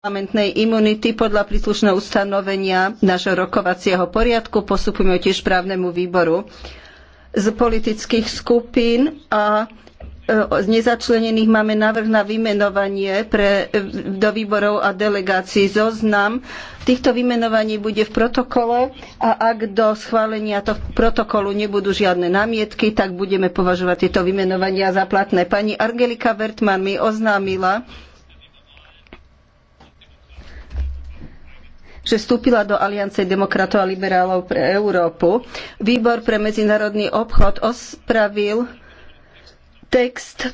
parlamentnej imunity podľa príslušného ustanovenia nášho rokovacieho poriadku. Postupujeme tiež právnemu výboru z politických skupín a e, z nezačlenených máme návrh na vymenovanie pre, do výborov a delegácií zoznam. Týchto vymenovaní bude v protokole a ak do schválenia tohto protokolu nebudú žiadne námietky, tak budeme považovať tieto vymenovania za platné. Pani Angelika Vertman mi oznámila, že vstúpila do Aliancie demokratov a liberálov pre Európu. Výbor pre medzinárodný obchod ospravil text